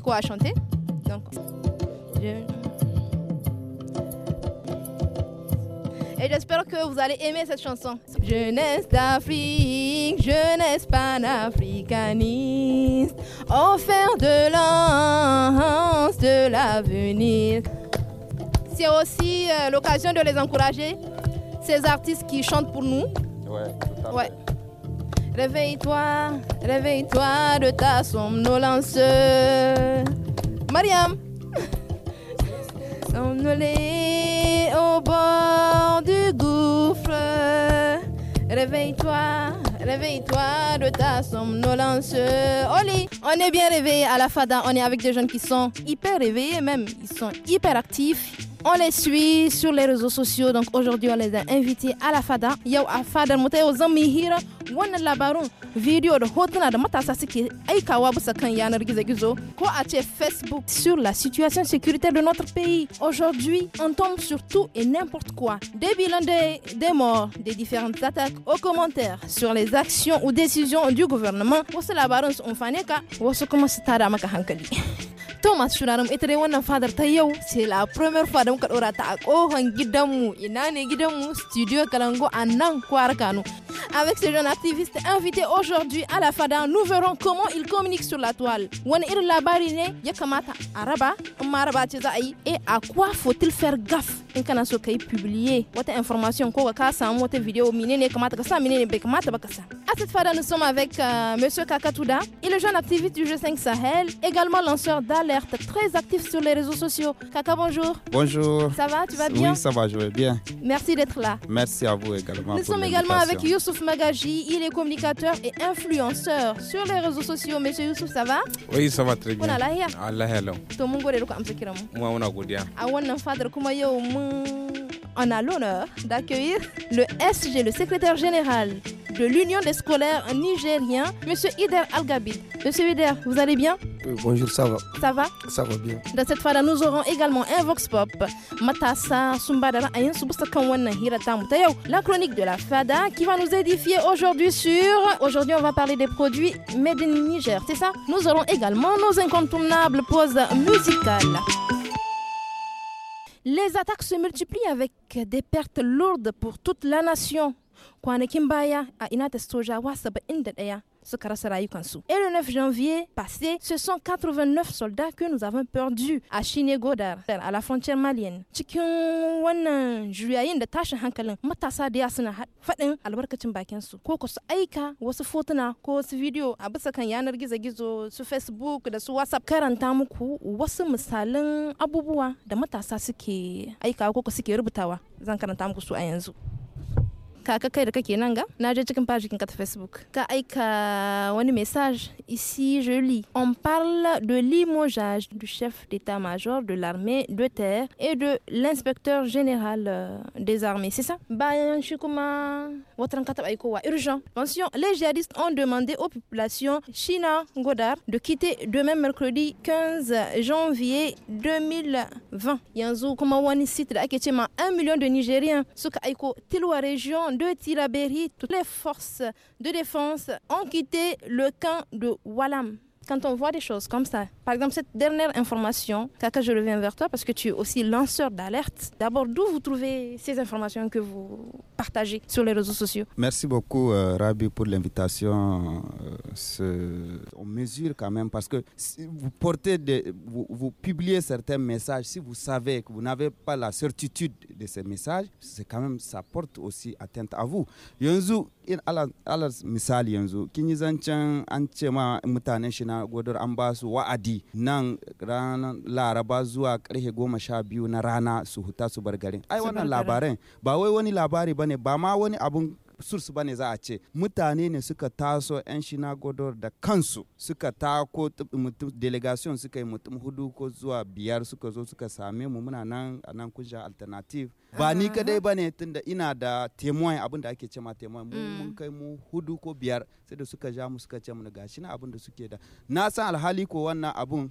Quoi à chanter. Et j'espère que vous allez aimer cette chanson. Jeunesse d'Afrique, jeunesse panafricaniste, offert de l'ance de l'avenir. C'est aussi euh, l'occasion de les encourager, ces artistes qui chantent pour nous. Ouais. Réveille-toi, réveille-toi de ta somnolence. Mariam, somnolée au bord du gouffre. Réveille-toi, réveille-toi de ta somnolence. Oli, on est bien réveillé à la fada. On est avec des jeunes qui sont hyper réveillés même. Ils sont hyper actifs on les suit sur les réseaux sociaux. Donc aujourd'hui, on les a invités à la FADA. Yau a FADA muteo zami hira wannan labarun video da de da matasa suke aikawa bisa kan yanar gizo-gizo ko a ce Facebook sur la situation sécuritaire de notre pays. Aujourd'hui, on tombe sur tout et n'importe quoi. Des bilans des, morts, des différentes attaques aux commentaires sur les actions ou décisions du gouvernement. Wasu labarun sun fane ka, wasu kuma su tada maka hankali. Thomas Shunaram ita dai wannan fadar ta yau, c'est la première fois da da ka dora ta a kohon gidanmu ina ne gidanmu studio kalango anan nan kwar Avec ce jeune activiste invité aujourd'hui à la FADA, nous verrons comment il communique sur la toile. Wani irin la ne ya kamata a in ma ce za yi, et eh, à quoi faut-il faire gaffe in kana so ka yi publier wata information ko ka samu wata vidéo menene kamata ka sa menene be kamata ba ka À cette FADA, nous sommes avec euh, Monsieur Kakatuda il est jeune activiste du G5 Sahel, également lanceur d'alerte, très actif sur les réseaux sociaux. Kaka, bonjour. Bonjour. Ça va, tu vas bien Oui, ça va, je vais bien. Merci d'être là. Merci à vous également. Nous sommes également avec Youssouf Magaji. Il est communicateur et influenceur sur les réseaux sociaux. Monsieur Youssouf, ça va Oui, ça va très bien. Allah hello. To mun gode un mu. muna godiya. on a l'honneur d'accueillir le SG, le secrétaire général de l'Union des scolaires nigériens, M. Ider Algabid. Monsieur Ider, vous allez bien Bonjour, ça va. Ça va Ça va bien. Dans cette fois-là, nous aurons également un Vox Pop. Matassa la chronique de la FADA qui va nous édifier aujourd'hui sur. Aujourd'hui, on va parler des produits made in Niger, c'est ça Nous aurons également nos incontournables pauses musicales. Les attaques se multiplient avec des pertes lourdes pour toute la nation. kwanakin baya a ina inata da 71 suka rasa rayukansu. Et le 9 janvier passé, ce sont 89 soldats que nous avons perdus a Chine Godar, à la frontière malienne. Cikin wannan juyayin da tashin hankalin matasa da suna faɗin albarkacin bakinsu ko ku su aika wasu fotuna ko wasu video a bisa kan yanar gizo-gizo su Facebook da su WhatsApp karanta muku wasu misalan abubuwa da matasa suke aikawa ko suke rubutawa zan karanta muku su a yanzu. cikin facebook aika message ici je lis on parle de limogeage du chef d'état-major de l'armée de terre et de l'inspecteur général euh, des armées c'est ça bayan shi kuma urgent pension les djihadistes ont demandé aux populations china Godar de quitter demain mercredi 15 janvier 2020 yanzu kuma wani site 1 million de nigériens suka aiko tilwa région de Tiraberi, toutes les forces de défense ont quitté le camp de Walam quand on voit des choses comme ça, par exemple cette dernière information, Kaka, je reviens vers toi parce que tu es aussi lanceur d'alerte. D'abord, d'où vous trouvez ces informations que vous partagez sur les réseaux sociaux Merci beaucoup, euh, Rabi, pour l'invitation. Euh, on mesure quand même parce que si vous portez, vous, publiez certains messages. Si vous savez que vous n'avez pas la certitude de ces messages, c'est quand même ça porte aussi atteinte à vous. na godar an ba su wa'adi nan ranar laraba zuwa karfe goma sha biyu na rana su huta su bar garin ai wannan labarin ba wai wani labari bane ba ma wani abun source ba za a ce mutane ne suka taso 'yan shinagodor da kansu suka ta mutum delegation suka yi mutum hudu ko zuwa biyar suka zo suka same mu muna nan a nan kunja alternative ba ni kadai ba ne tunda ina da temoin abin da ake cema temoin mm. mun kai mu hudu ko biyar sai da suka ja mu suka ce mu gashi na abin da suke da na san alhali ko wannan abun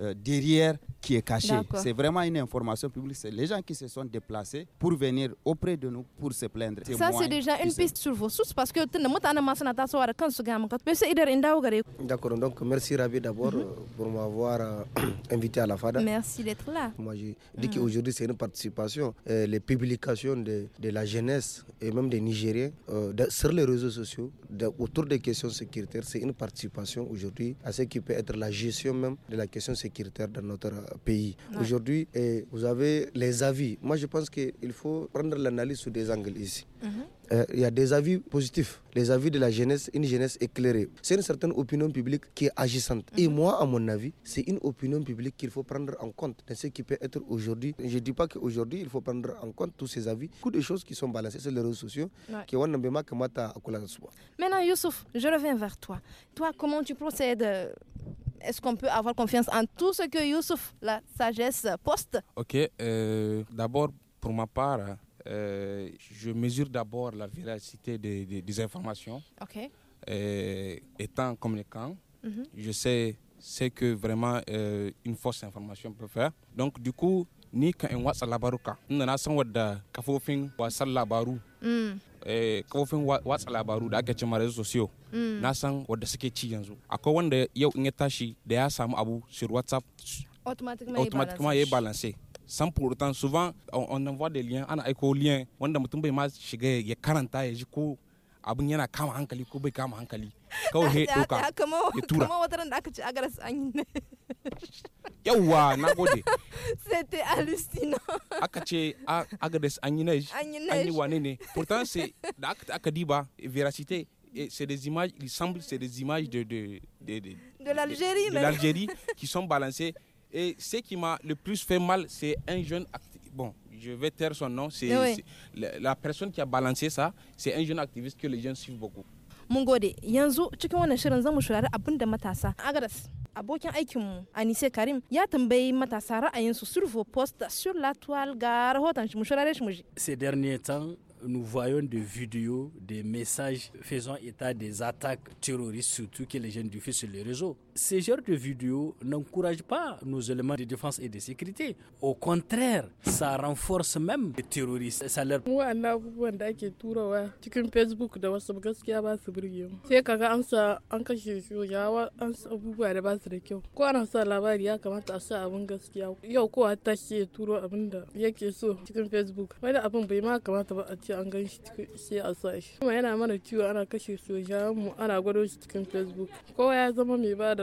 Euh, derrière qui est caché. C'est vraiment une information publique. C'est les gens qui se sont déplacés pour venir auprès de nous pour se plaindre. Ça, c'est déjà une piste sur vos sources parce que D'accord, donc merci Ravi d'abord mhm. euh, pour m'avoir euh, invité à la FADA. Merci d'être là. Moi, je dis mhm. qu'aujourd'hui, c'est une participation. les publications de, de, la jeunesse et même des Nigériens sur les réseaux sociaux de, autour des questions sécuritaires, c'est une participation aujourd'hui à ce qui peut être la gestion même de la question sécuritaire sécuritaire dans notre pays. aujourd'hui Aujourd'hui, eh, vous avez les avis. Moi, je pense qu'il faut prendre l'analyse sous des angles ici. Mhm. Eh, il y a des avis positifs, les avis de la jeunesse, une jeunesse éclairée. C'est une certaine opinion publique qui est agissante. Et mhm. moi, à mon avis, c'est une opinion publique qu'il faut prendre en compte dans ce qui peut être aujourd'hui. Je ne dis pas qu'aujourd'hui, il faut prendre en compte tous ces avis. Beaucoup de choses qui sont balancées sur les réseaux sociaux. Qui Maintenant, Youssouf, je reviens vers toi. Toi, comment tu procèdes euh, est-ce qu'on peut avoir confiance en tout ce que Youssouf, la sagesse, poste Ok, euh, d'abord, pour ma part, euh, je mesure d'abord la véracité des, informations. Ok. Euh, étant communicant, mhm. je sais ce que vraiment euh, une fausse information peut faire. Donc, du coup, ni quand on voit ça la eh, kafofin watsa labaru da aka ci ma ou sosiyo mm. na san wadda suke ci yanzu akwai wanda yau da abu sur whatsapp automatiquement ya yi balance sans pour souvent on, on envoie des liens ana aiko liens wanda mutum bai ma shiga ya karanta ya ji abin yana kama hankali ko bai kama hankali kawai he doka ya tura kama wata da aka ci agaras an yi ne yawwa na gode c'était hallucinant aka ce agaras an yi ne an yi wane ne pourtant c'est da aka diba véracité c'est des images il semble c'est des images de de de de, de l'Algérie de, de l'Algérie qui sont balancées et ce qui m'a le plus fait mal c'est un jeune acteur bon je vais taire son nom, c'est eh la, personne qui a balancé ça, c'est un jeune activiste que les jeunes suivent beaucoup. Ces derniers temps, nous voyons des vidéos, des messages faisant état des attaques terroristes surtout que les jeunes diffusent sur les réseaux ces genres de vidéos n'encouragent pas nos éléments de défense et de sécurité. Au contraire, ça renforce même les terroristes.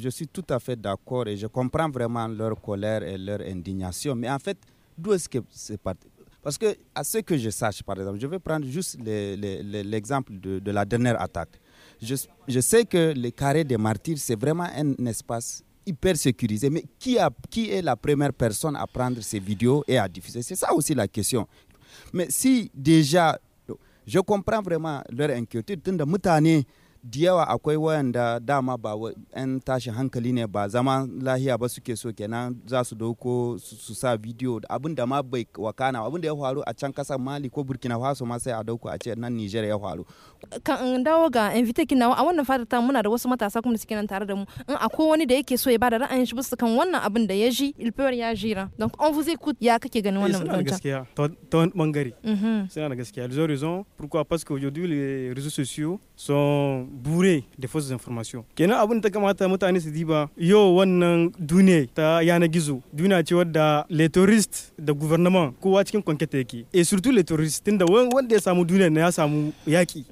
je suis tout à fait d'accord et je comprends vraiment leur colère et leur indignation. Mais en fait, d'où est-ce que c'est parti Parce que, à ce que je sache, par exemple, je vais prendre juste l'exemple de, la dernière attaque. Je, sais que le carré des martyrs, c'est vraiment un espace hyper sécurisé. Mais qui, a, qui est la première personne à prendre ces vidéos et à diffuser C'est ça aussi la question. Mais si déjà, je comprends vraiment leur inquiétude. diyawa akwai wayanda dama ba 'yan tashin hankali ne ba zama lahiya ba suke so kenan za su dauko su sa bidiyo abin da ma bai wakana abin da ya faru a can kasar mali ko burkina faso ma sai a dauko a ce nan niger ya faru kan in dawo ga invite kina a wannan fadar ta muna da wasu matasa kuma suke nan tare da mu in akwai wani da yake so ya bada ra'ayin shi bisa kan wannan abin da ya ji ilfiyar ya jira donc on vous écoute ya kake ganin eh, wannan mutum gaskiya ta wani bangare mhm. suna da gaskiya ils ont raison pourquoi parce que aujourd'hui les réseaux sociaux sont bourré de fausses informations. Kena y a kamata mutane su diba yau wannan duniya ta yana gizo duniya ce wadda le tourist da gouvernement kowa cikin kwanketa yake Et surtout le touristes tunda wanda ya samu duniya na ya samu yaki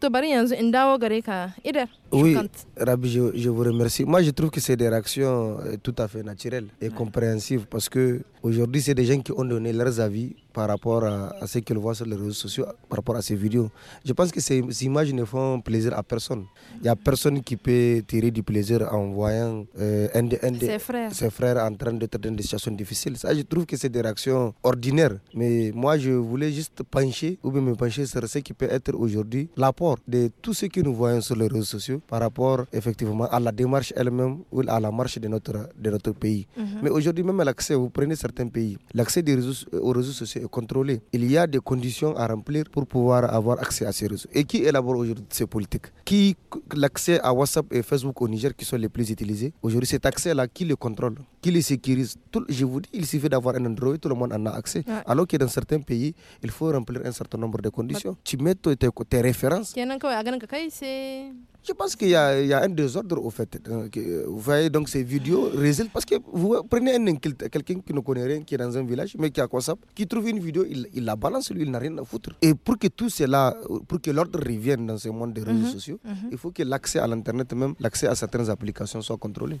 to bari yanzu in dawo gare ka idar Oui, Rabbi, je, je, vous remercie. Moi, je trouve que c'est des réactions euh, tout à fait naturelles et compréhensives parce que aujourd'hui, c'est des gens qui ont donné leurs avis par rapport à, ce qu'ils voient sur les réseaux sociaux, par rapport à ces vidéos. Je pense que ces, images ne font plaisir à personne. Il n'y a personne qui peut tirer du plaisir en voyant euh, un, de, ses, frères. en train d'être dans des situations difficiles. Ça, je trouve que c'est des réactions ordinaires. Mais moi, je voulais juste pencher ou bien me pencher sur ce qui peut être aujourd'hui l'apport de tout ce que nous voyons sur les réseaux sociaux par rapport effectivement à la démarche elle-même ou à la marche de notre, de notre pays. Mhm. Mais aujourd'hui, même l'accès, vous prenez certains pays, l'accès aux réseaux sociaux il y a des conditions à remplir pour pouvoir avoir accès à ces réseaux. Et qui élabore aujourd'hui ces politiques Qui l'accès à WhatsApp et Facebook au Niger qui sont les plus utilisés Aujourd'hui, cet accès-là, qui le contrôle qui les sécurise. je vous dis, il suffit d'avoir un Android, tout le monde en a accès. Alors que dans certains pays, il faut remplir un certain nombre de conditions. Bah- tu mets tes, références. Je pense qu'il y, a un désordre au fait. Euh, vous voyez, donc ces vidéos résultent parce que vous prenez quelqu'un qui ne connaît rien, qui est dans un village, mais qui a quoi ça, qui trouve une vidéo, il, la balance, lui, il n'a rien à foutre. Et pour que tout cela, pour que l'ordre revienne dans ce monde des réseaux mhm. sociaux, mhm. il faut que l'accès à l'Internet, même l'accès à certaines applications soit contrôlé.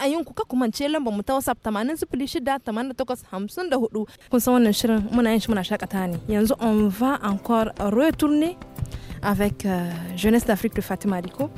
ra'ayinku ka kuma ce lambar mu ta WhatsApp 806884 kun san wannan shirin muna yin shi muna shakata ne yanzu on va encore retourner avec euh, Jeunesse d'Afrique de Fatima Rico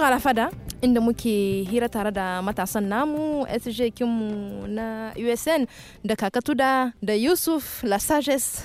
zuwa la fada inda muke hira tare da matasan namu sj kinmu na usn da kakatuda da yusuf Lasages.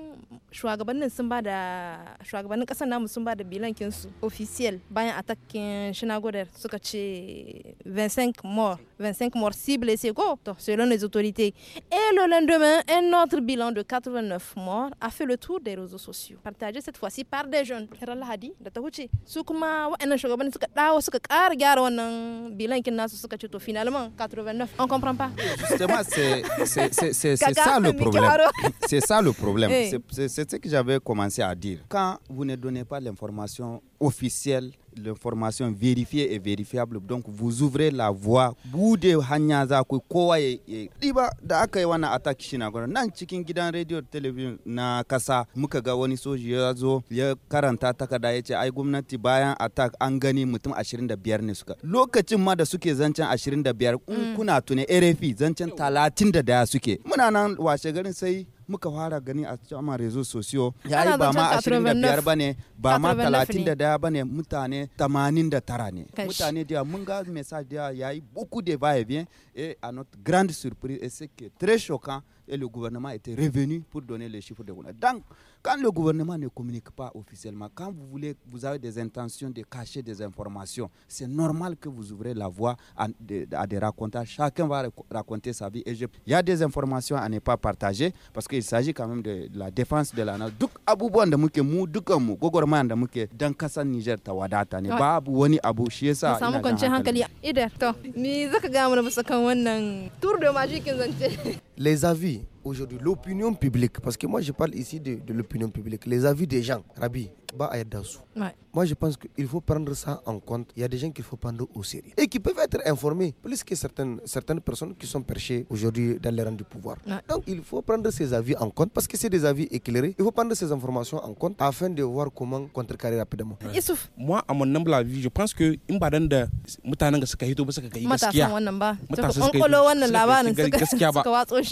shugabannin sun ba da shugabannin kasar namu sun ba da bilankin su officiel bayan atakin shinagodar suka ce 25 morts 25 morts si blessés go to selon les autorités et le lendemain un autre bilan de 89 morts a fait le tour des réseaux sociaux partagé cette fois-ci par des jeunes Allah hadi da ta huce su kuma wa'annan shugabannin suka dawo suka ƙara gyara wannan bilankin nasu suka ce to finalement 89 on comprend pas justement c'est c'est c'est c'est ça le problème c'est ça le problème eh. c'est C'est ce que j'avais commencé à dire. Quand vous ne donnez pas l'information officielle, l'information vérifiée et vérifiable, donc vous ouvrez la voie. Bude de za ku kowa ye ye. riba da aka yi wannan attack shi na gwanon nan cikin gidan radio television na kasa muka ga wani soji ya zo ya karanta takarda ya ce ai gwamnati bayan attack an gani mutum 25 ne suka lokacin ma da suke zancen 25 in mm. kuna tune RFI zancen 31 suke muna nan washe garin sai muka fara gani a cikin rezo sosiyo ya yi ba ma 25 ba ne ba ma a eu beaucoup de va et vient et à notre grande surprise et c'est que très choquant et le gouvernement était revenu pour donner les chiffres de l'année. Donc, quand le gouvernement ne communique pas officiellement, quand vous voulez, vous avez des intentions de cacher des informations, c'est normal que vous ouvrez la voie à, de, à des racontages. Chacun va raconter sa vie. Et il y a des informations à ne pas partager parce qu'il s'agit quand même de, la défense de la nation. gwagwarmayan da muke dan kasar Niger ta wadata ne babu wani abu shi yasa samu kwanciyar hankali idar to ni zaka ga mu na kan wannan tour de magic zance les avis aujourd'hui, l'opinion publique, parce que moi je parle ici de, l'opinion publique, les avis des gens, Rabi, Moi je pense qu'il faut prendre ça en compte. Il y a des gens qu'il faut prendre au sérieux et qui peuvent être informés plus que certaines, certaines personnes qui sont perchées aujourd'hui dans les rangs du pouvoir. Donc il faut prendre ces avis en compte parce que c'est des avis éclairés. Il faut prendre ces informations en compte afin de voir comment contrecarrer rapidement. Moi, à mon humble avis, je pense que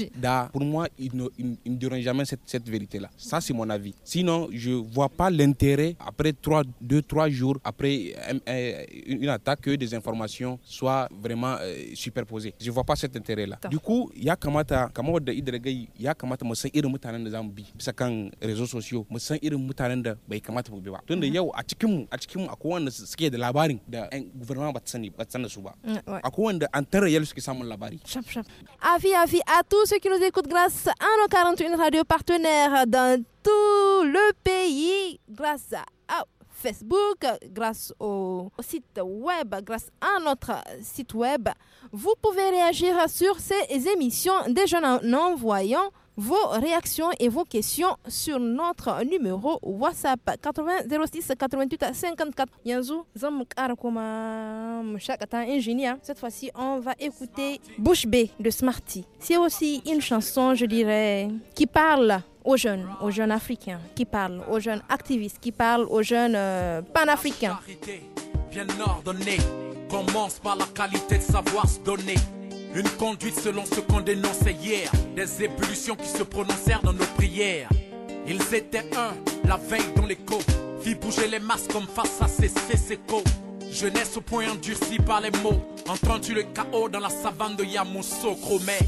Pour moi, il ne, ils, jamais cette, vérité-là. Ça, c'est mon avis. Sinon, je ne vois pas l'intérêt, après 3, 2 3 jours, après une attaque, que des informations soient vraiment euh, superposées. Je ne vois pas cet intérêt-là. Du coup, il y a kamata, kamata réseaux sociaux, kamata il y a il ben, mhm. a gouvernement mm, a tous ceux qui nous écoutent grâce à nos 41 radios partenaires dans tout le pays, grâce à Facebook, grâce au site web, grâce à notre site web. Vous pouvez réagir sur ces émissions des jeunes en envoyant vos réactions et vos questions sur notre numéro WhatsApp 80 06 88 54. Yanzu, ingénieur. Hein. Cette fois-ci, on va écouter Bouche B de Smarty. C'est aussi une chanson, je dirais, qui parle aux jeunes, aux jeunes africains, qui parle aux jeunes activistes, qui parle aux jeunes euh, panafricains. commence par la qualité de savoir se donner. Une conduite selon ce qu'on dénonçait hier, des ébullitions qui se prononcèrent dans nos prières. Ils étaient un, la veille dans l'écho, fit bouger les masses comme face à ces séco. Jeunesse au point endurci par les mots, Entendu le chaos dans la savane de Yamoussoukro, mais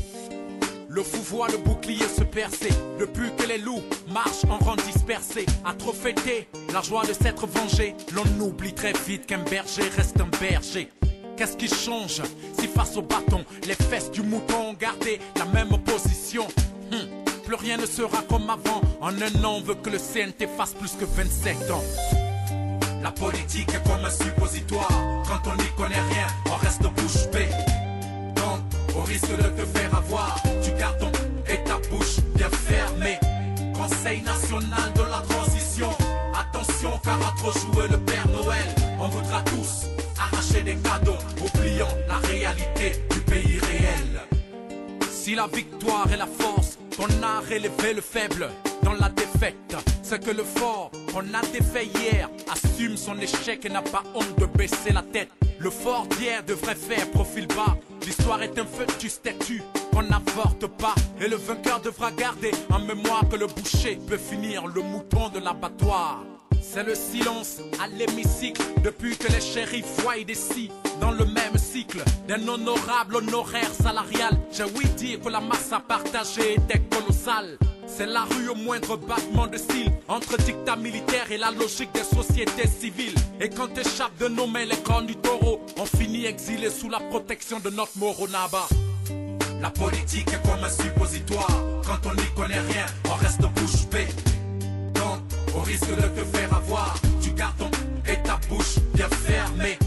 le fou voit le bouclier se percer, depuis que les loups marchent en rang dispersé. À trop fêter la joie de s'être vengé, l'on oublie très vite qu'un berger reste un berger qu'est-ce qui change Si face au bâton, les fesses du mouton ont gardé la même position. Hum, plus rien ne sera comme avant. En un an, on veut que le CNT fasse plus que 27 ans. La politique est comme un suppositoire. Quand on n'y connaît rien, on reste bouche bée. Donc, au risque de te faire avoir, tu gardes ton et ta bouche bien fermée. Conseil national de la transition. Attention car à trop jouer le Père Noël, on voudra tous arracher des cadeaux réalité du pays réel. Si la victoire est la force, qu'on a relevé le faible dans la défaite, c'est que le fort qu'on a défait hier assume son échec et n'a pas honte de baisser la tête. Le fort d'hier devrait faire profil bas. L'histoire est un feu du statut qu'on n'avorte pas. Et le vainqueur devra garder en mémoire que le boucher peut finir le mouton de l'abattoir. C'est le silence à l'hémicycle depuis que les shérifs voient des dans le même cycle d'un honorable honoraire salarial. J'ai ouï dire que la masse à partager était colossale. C'est la rue au moindre battement de style entre dictat militaire et la logique des sociétés civiles. Et quand échappe de nos mains les cornes du taureau, on finit exilé sous la protection de notre moronaba. La politique est comme un suppositoire. Quand on n'y connaît rien, on reste bouche bée au risque de te faire avoir du carton et ta bouche bien fermée.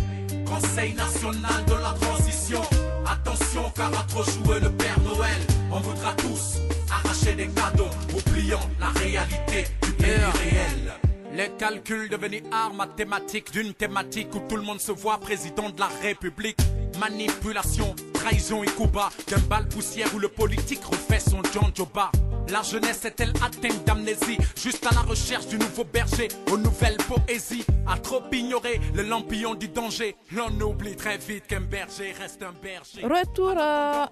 Conseil national de la transition, attention car à trop jouer le Père Noël, on voudra tous arracher des cadeaux, oubliant la réalité du pays réel. Les calculs devenus art mathématique, d'une thématique où tout le monde se voit président de la République. Manipulation, trahison et coup bas, d'un bal poussière où le politique refait son John la jeunesse est-elle atteinte d'amnésie Juste à la recherche du nouveau berger, aux nouvelles poésies. À trop ignorer le lampillon du danger, l'on oublie très vite qu'un berger reste un berger. Retour euh,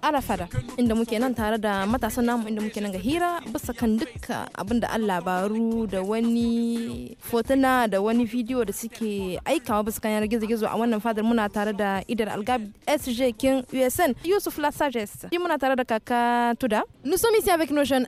à la fada. Inda muke nan tare da matasan namu inda nan ga hira bisa kan dukkan abin da da wani fotuna da wani video da suke aikawa bisa kan yanar gizo-gizo a wannan fadar muna tare da Idar Algab SJ King USN Yusuf sagesse Muna tare da kaka Tuda. Nous sommes ici avec nos jeunes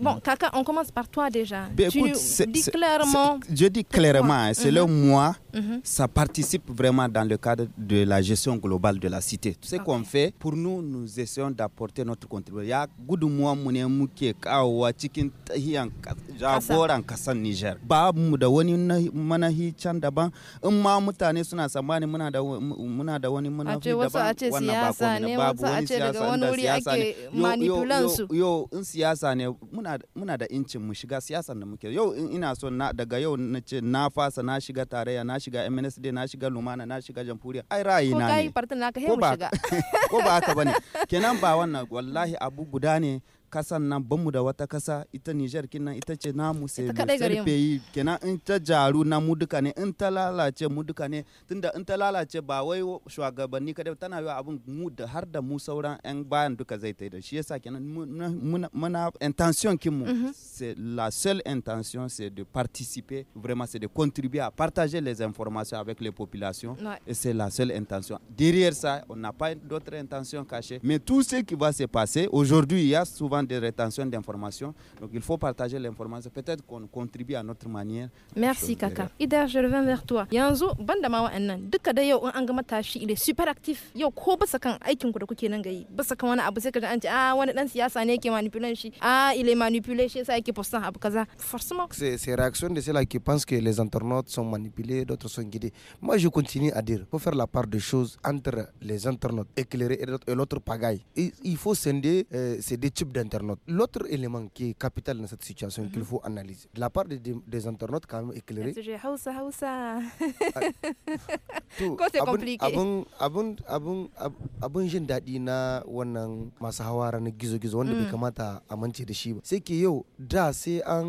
Bon, Kaka, on commence par toi déjà. tu dis clairement. Je dis clairement, c'est hein, le mhm. moi, mhm. ça participe vraiment dans le cadre de la gestion globale de la cité. Tout ce qu'on fait, pour nous, nous essayons d'apporter notre contribution. muna da incin mu shiga siyasan da muke yau in ina so na daga yau na ce na fasa na shiga tarayya na shiga MNSD na shiga Lumana na shiga Jamhuriya ai ra'ayi na ne ko ba ko ba haka bane kenan ba wannan wallahi abu guda ne kasan nan banmu da wata kasa ita Nijar kinan ita ce namu sai peyi kenan in ta jaru na mu duka ne in ta lalace mu duka ne tunda in ta lalace ba wai shugabanni kadai tana yi abin mu da har da mu sauran yan bayan duka zai ta da shi yasa kenan muna intention kin mu mhm. c'est la seule intention c'est de participer vraiment c'est de contribuer à partager les informations avec les populations et c'est la seule intention derrière ça on n'a pas d'autre intention cachée mais tout ce qui va se passer aujourd'hui il y a souvent de rétention rétentions d'informations. Donc il faut partager l'information. Peut-être qu'on contribue à notre manière. Merci Kaka. Ider, je reviens vers toi. Yanzo, bandamawa duka da yau an gama il est super actif. Yau ko basa kan aikin ah Ah, il est manipulé Forcément. C'est ces réactions de ceux-là qui pensent que les internautes sont manipulés, d'autres sont guidés. Moi, je continue à dire, faut faire la part des choses entre les internautes éclairés et l'autre pagaille. Il faut scinder euh, ces deux types d'internautes internautes. L'autre élément qui est capital dans cette situation mm -hmm. qu'il mhm. faut analyser, de la part des, des internautes quand même éclairés. Hausa, hausa. Ah, quand c'est compliqué. Abun, abun, abun, abun jin daɗi na wannan masu hawara na gizo-gizo wanda mm. bai kamata a mance da shi ba. Sai ke yau da sai an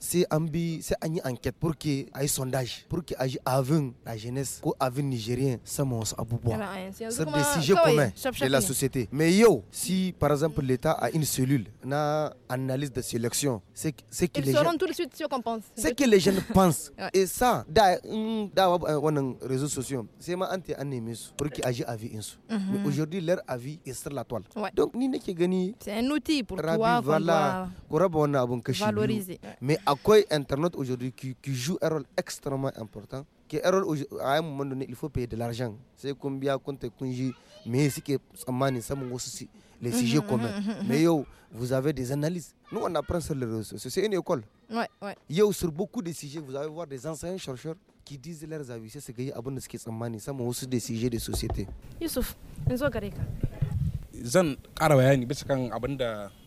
c'est abin c'est sai enquête pour que ait sondage pour que a ji avin la jeunesse pour avin nigérien monte à abubuwa eh ben, eh, C'est des sujets communs de la société mais yo si par exemple l'état a une cellule na analyse de sélection c'est que les seront tout de suite ce qu'on pense c'est que les jeunes pensent et ça dans les euh, réseaux sociaux c'est ma anti pour que y à un avis. Mhm. mais aujourd'hui leur avis est sur la toile donc ni c'est un outil pour toi voilà abun mais à quoi Internet aujourd'hui qui, qui, joue un rôle extrêmement important que rôle à un moment donné, il faut payer de l'argent. C'est combien compte mais c'est que ça les sujets communs. Mais yo, vous avez des analyses. Nous, on apprend sur les réseaux C'est une école. Ouais, ouais. Yo, sur beaucoup de sujets, vous allez voir des enseignants chercheurs qui disent leurs avis. C'est ce que abonne ce qui est Ça, mais aussi des sujets de société. Youssouf, nous avons Zan, Karawayan, Bissakan, Abanda.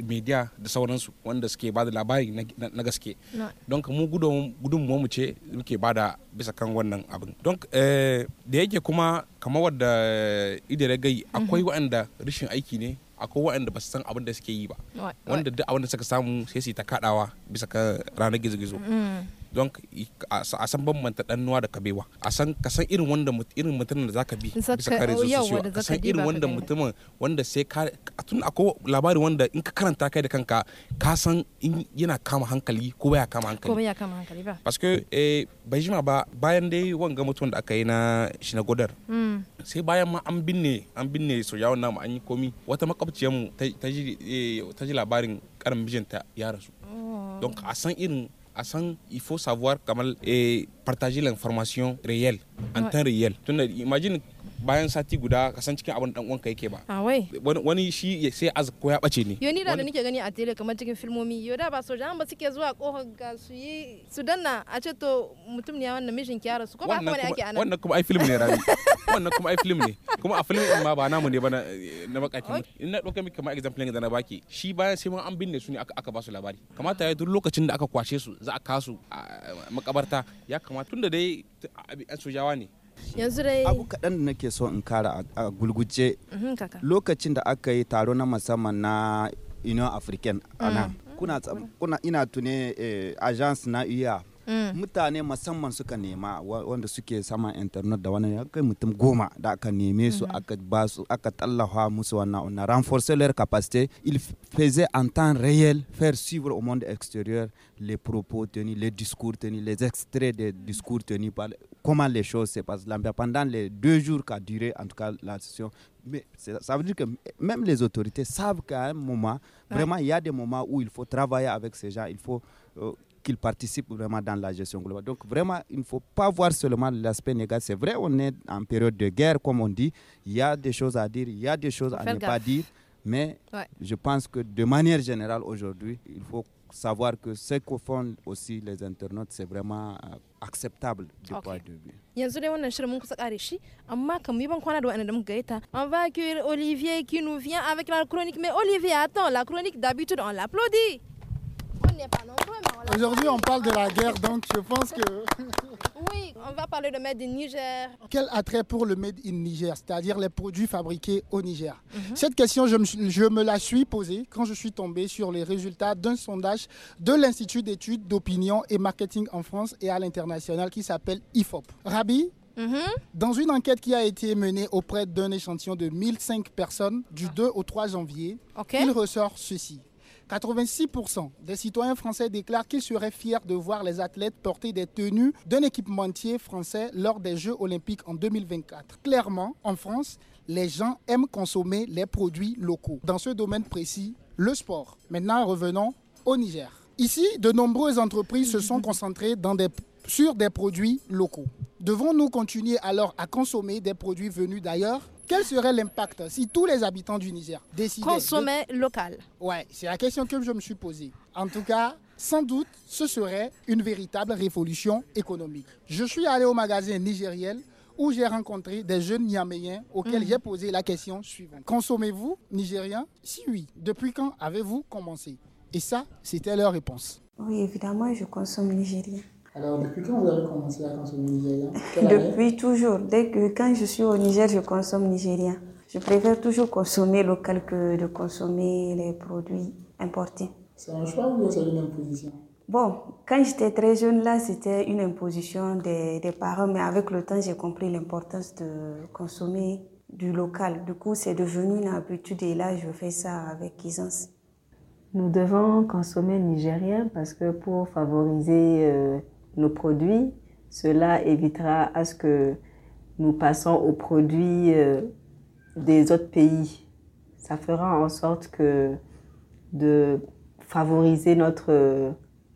media da sauransu wanda suke ba da na gaske don mu gudun mu ce muke ba da bisa kan wannan abin don eh, da yake kuma kamar wadda idare gai mhm. akwai waɗanda rashin aiki ne akwai ba su san abin da suke yi ba wanda duk suka samu sai su ta bisa ranar don a san bambanta nuwa da kabewa a san ka san irin wanda irin mutumin da zaka bi bisa kare zuciya ka san irin wanda mutumin wanda sai ka tun akwai labari wanda in ka karanta kai da kanka ka san in yana kama hankali ko baya kama hankali ko baya kama hankali ba parce que eh bai ba bayan dai wanga mutum da aka yi na shi na godar mm. sai bayan ma an binne an binne yawon namu an yi komi wata mu eh, ta ji labarin karin mijinta ya rasu oh. don a san irin il faut savoir et partager l'information réelle, en temps réel. bayan sati guda ka san cikin abin dan uwanka yake ba ah, wani shi sai az ko ya bace ne yoni da nake gani a tele kamar cikin filmomi yo da ba so sojan ba suke zuwa kohon ga su yi su danna a ce to mutum ne wannan mission ki kiyara su ko ba kuma ne ake anan wannan kuma ai film ne rabi wannan kuma ai film ne kuma a film din ma ba namu ne ba na bakakin in na dauka miki kamar example ne da na baki shi bayan sai mun an binne su ne aka ba su labari kamata ya duk lokacin da aka kwashe su za a kasu makabarta ya kamata tunda dai an sojawa ne yanzu dai abu kaɗan da nake so in kara a gulguje mhm, lokacin da aka yi taro na musamman na union african a nan mm. kuna ina tune eh, agence na iya Mm. mutane goma on a renforcé leur capacité il faisait en temps réel faire suivre au monde extérieur les propos tenus les discours tenus les extraits des discours tenus par comment les choses se passent pendant les deux jours qu'a duré en tout cas la session mais ça veut dire que même les autorités savent qu'à un moment, vraiment, il y a des moments où il faut travailler avec ces gens, il faut euh, qu'il participe vraiment dans la gestion globale. Donc vraiment, il ne faut pas voir seulement l'aspect négatif. C'est vrai, on est en période de guerre, comme on dit. Il y a des choses à dire, il y a des choses à ne pas dire. Mais je pense que de manière générale, aujourd'hui, il faut savoir que ce que font aussi les internautes, c'est vraiment euh, acceptable de okay. de vue. On va accueillir Olivier qui nous vient avec la chronique. Mais Olivier, attends, la chronique d'habitude, on l'applaudit. Aujourd'hui, on parle de la guerre, donc je pense que... oui, on va parler de Made in Niger. Quel attrait pour le Made in Niger, c'est-à-dire les produits fabriqués au Niger mhm. Cette question, je me, la suis posée quand je suis tombée sur les résultats d'un sondage de l'Institut d'études d'opinion et marketing en France et à l'international qui s'appelle IFOP. Rabi, mhm. Dans une enquête qui a été menée auprès d'un échantillon de 1005 personnes du 2 au 3 janvier, il ressort ceci. 86% des citoyens français déclarent qu'ils seraient fiers de voir les athlètes porter des tenues d'un équipementier français lors des Jeux olympiques en 2024. Clairement, en France, les gens aiment consommer les produits locaux. Dans ce domaine précis, le sport. Maintenant, revenons au Niger. Ici, de nombreuses entreprises se sont concentrées sur des produits locaux. Devons-nous continuer alors à consommer des produits venus d'ailleurs quel serait l'impact si tous les habitants du Niger décidaient. de... Consommer local. Ouais, c'est la question que je me suis posée. En tout cas, sans doute, ce serait une véritable révolution économique. Je suis allé au magasin nigériel où j'ai rencontré des jeunes Niaméens auxquels mhm. j'ai posé la question suivante. Consommez-vous nigérien Si oui, depuis quand avez-vous commencé Et ça, c'était leur réponse. Oui, évidemment, je consomme nigérien. Alors, depuis quand vous avez commencé à consommer nigérien Depuis toujours. Dès que quand je suis au Niger, je consomme nigérien. Je préfère toujours consommer local que de consommer les produits importés. C'est un choix ou c'est une imposition Bon, quand j'étais très jeune, là, c'était une imposition des, des, parents, mais avec le temps, j'ai compris l'importance de consommer du local. Du coup, c'est devenu une habitude et là, je fais ça avec aisance. Nous devons consommer nigérien parce que pour favoriser euh, nos produits. Cela évitera à ce que nous passons aux produits euh, des autres pays. Ça fera en sorte que de favoriser notre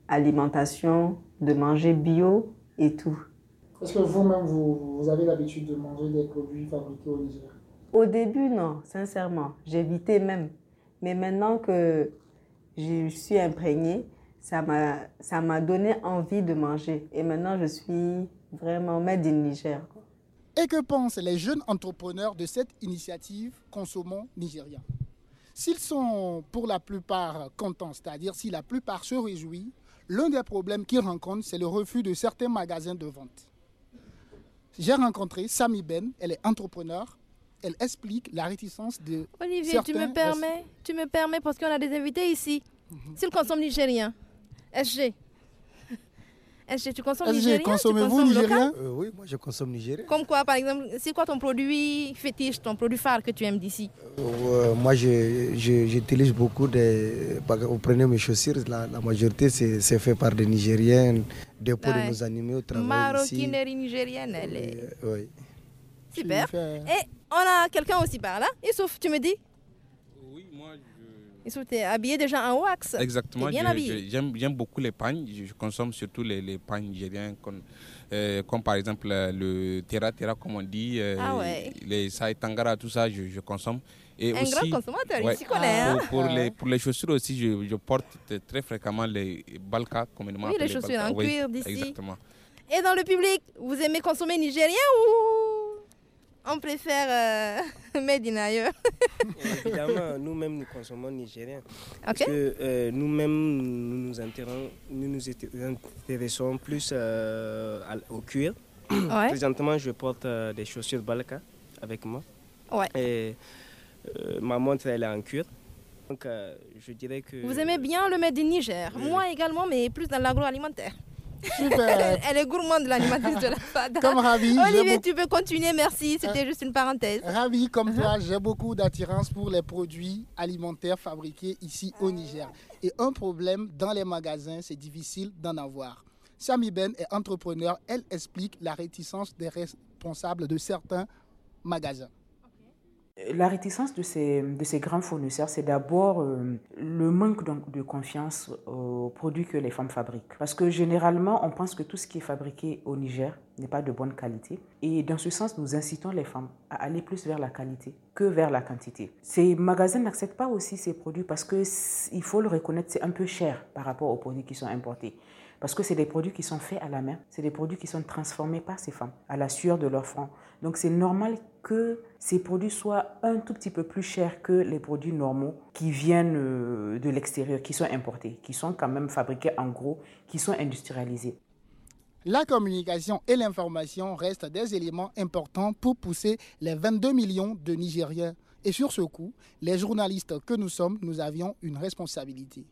alimentation, de manger bio et tout. Est-ce que vous-même, vous, avez l'habitude de manger des produits fabriqués au Niger Au début, non, sincèrement. J'évitais même. Mais maintenant que je suis imprégnée, ça m'a donné envie de manger. Et maintenant, je suis vraiment made in Niger. Et que pensent les jeunes entrepreneurs de cette initiative Consommons Nigérien S'ils sont pour la plupart contents, c'est-à-dire si la plupart se réjouissent, l'un des problèmes qu'ils rencontrent, c'est le refus de certains magasins de vente. J'ai rencontré Sami Ben, elle est entrepreneur. Elle explique la réticence de. Olivier, tu me permets, tu me permets parce qu'on a des invités ici. Mhm. S'ils consomment nigérien, SG. SG, tu consommes SG, nigérien euh, Oui, moi je consomme nigérien. Comme quoi, par exemple, c'est quoi ton produit fétiche, ton produit phare que tu aimes d'ici euh, Moi, j'utilise beaucoup des. Vous prenez mes chaussures, la, majorité c'est fait par des Nigériens, des peaux nous au travail. Maroquinerie nigérienne, elle est. Euh, oui. Super. Hein. Et on a quelqu'un aussi par là. Sauf, tu me dis ils sont habillés déjà en wax. Exactement. J'aime beaucoup les pagnes. Je consomme surtout les, les pagnes comme, euh, comme, par exemple euh, le terra terra, comme on dit, euh, ah les saitangara, tout ça, je, je consomme. Et un grand consommateur, il s'y connaît. Pour, hein. les, pour, les, chaussures aussi, je, porte très fréquemment les balkas, communément. Oui, les chaussures en cuir d'ici. Exactement. Et dans le public, vous aimez consommer nigérien ou on préfère euh, Made in ailleurs. Évidemment, nous-mêmes, nous consommons nigérien. Parce que euh, nous-mêmes, nous nous, intéressons plus euh, au cuir. Présentement, je porte euh, des chaussures Balka avec moi. Ouais. Et ma montre, elle est en cuir. Donc, je dirais que... Vous aimez bien le Made in Niger. Moi également, mais plus dans l'agroalimentaire. Super. Elle est gourmande, l'animatrice de la Comme ravi. Olivier, tu peux continuer, merci. C'était euh, juste une parenthèse. Ravi, comme uh-huh. toi, j'ai beaucoup d'attirance pour les produits alimentaires fabriqués ici au Niger. Et un problème dans les magasins, c'est difficile d'en avoir. Sami Ben est entrepreneur. Elle explique la réticence des responsables de certains magasins. La réticence de ces, grands fournisseurs, c'est d'abord euh, le manque de, confiance aux produits que les femmes fabriquent. Parce que généralement, on pense que tout ce qui est fabriqué au Niger n'est pas de bonne qualité. Et dans ce sens, nous incitons les femmes à aller plus vers la qualité que vers la quantité. Ces magasins n'acceptent pas aussi ces produits parce qu'il faut le reconnaître, c'est un peu cher par rapport aux produits qui sont importés parce que c'est des produits qui sont faits à la main, c'est des produits qui sont transformés par ces femmes à la sueur de leur front. Donc c'est normal que ces produits soient un tout petit peu plus chers que les produits normaux qui viennent euh, de l'extérieur, qui sont importés, qui sont quand même fabriqués en gros, qui sont industrialisés. La communication et l'information restent des éléments importants pour pousser les 22 millions de Nigériens. Et sur ce coup, les journalistes que nous sommes, nous avions une responsabilité.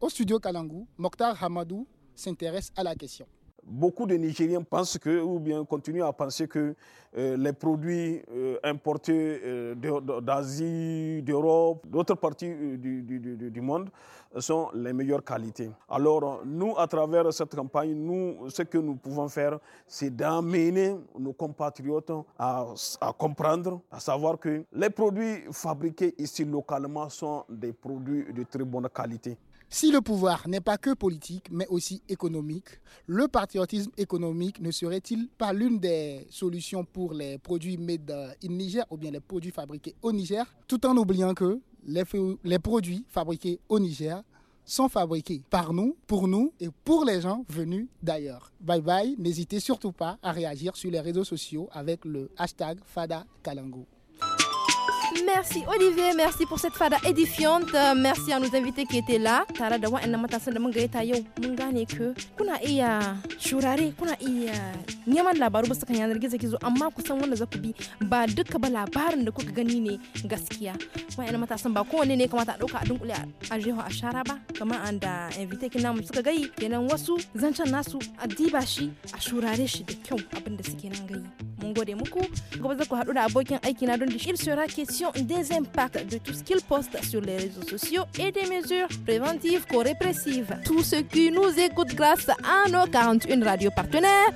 Au studio Kalangu, Mokhtar Hamadou s'intéresse à la question beaucoup de Nigériens pensent que, ou bien continuent à penser que euh, les produits euh, importés euh, d'Asie, d'Europe, d'autres parties du, monde sont les meilleures qualités. Alors, nous, à travers cette campagne, nous, ce que nous pouvons faire, c'est d'amener nos compatriotes à comprendre, à savoir que les produits fabriqués ici localement sont des produits de très bonne qualité. Si le pouvoir n'est pas que politique, mais aussi économique, le patriotisme économique ne serait-il pas l'une des solutions pour les produits made in Niger ou bien les produits fabriqués au Niger, tout en oubliant que les, produits fabriqués au Niger sont fabriqués par nous, pour nous et pour les gens venus d'ailleurs. Bye bye, n'hésitez surtout pas à réagir sur les réseaux sociaux avec le hashtag Fada Kalango merci Olivier, merci pour cette fada édifiante. Euh, merci à nos invités qui étaient là. Tara dawa wa'annan matasan da mun gaita yau mun gane kuna iya shurare, kuna iya neman labaru bisa kan yanar gizo zo amma ku san wanda ba duka ba labarin da kuka gani ne gaskiya. Wa'annan matasan ba kowanne ne kamata a dauka a dunkule a jeho a shara ba kamar anda da suka kenan wasu zancan nasu a diba shi a shurare shi da kyau abinda suke nan Mun gode muku gobe za haɗu da abokin aiki na don da question des impacts de tout ce qu'ils postent sur les réseaux sociaux et des mesures préventives ou répressives. Tout ce qui nous écoute grâce à nos 41 radios partenaires.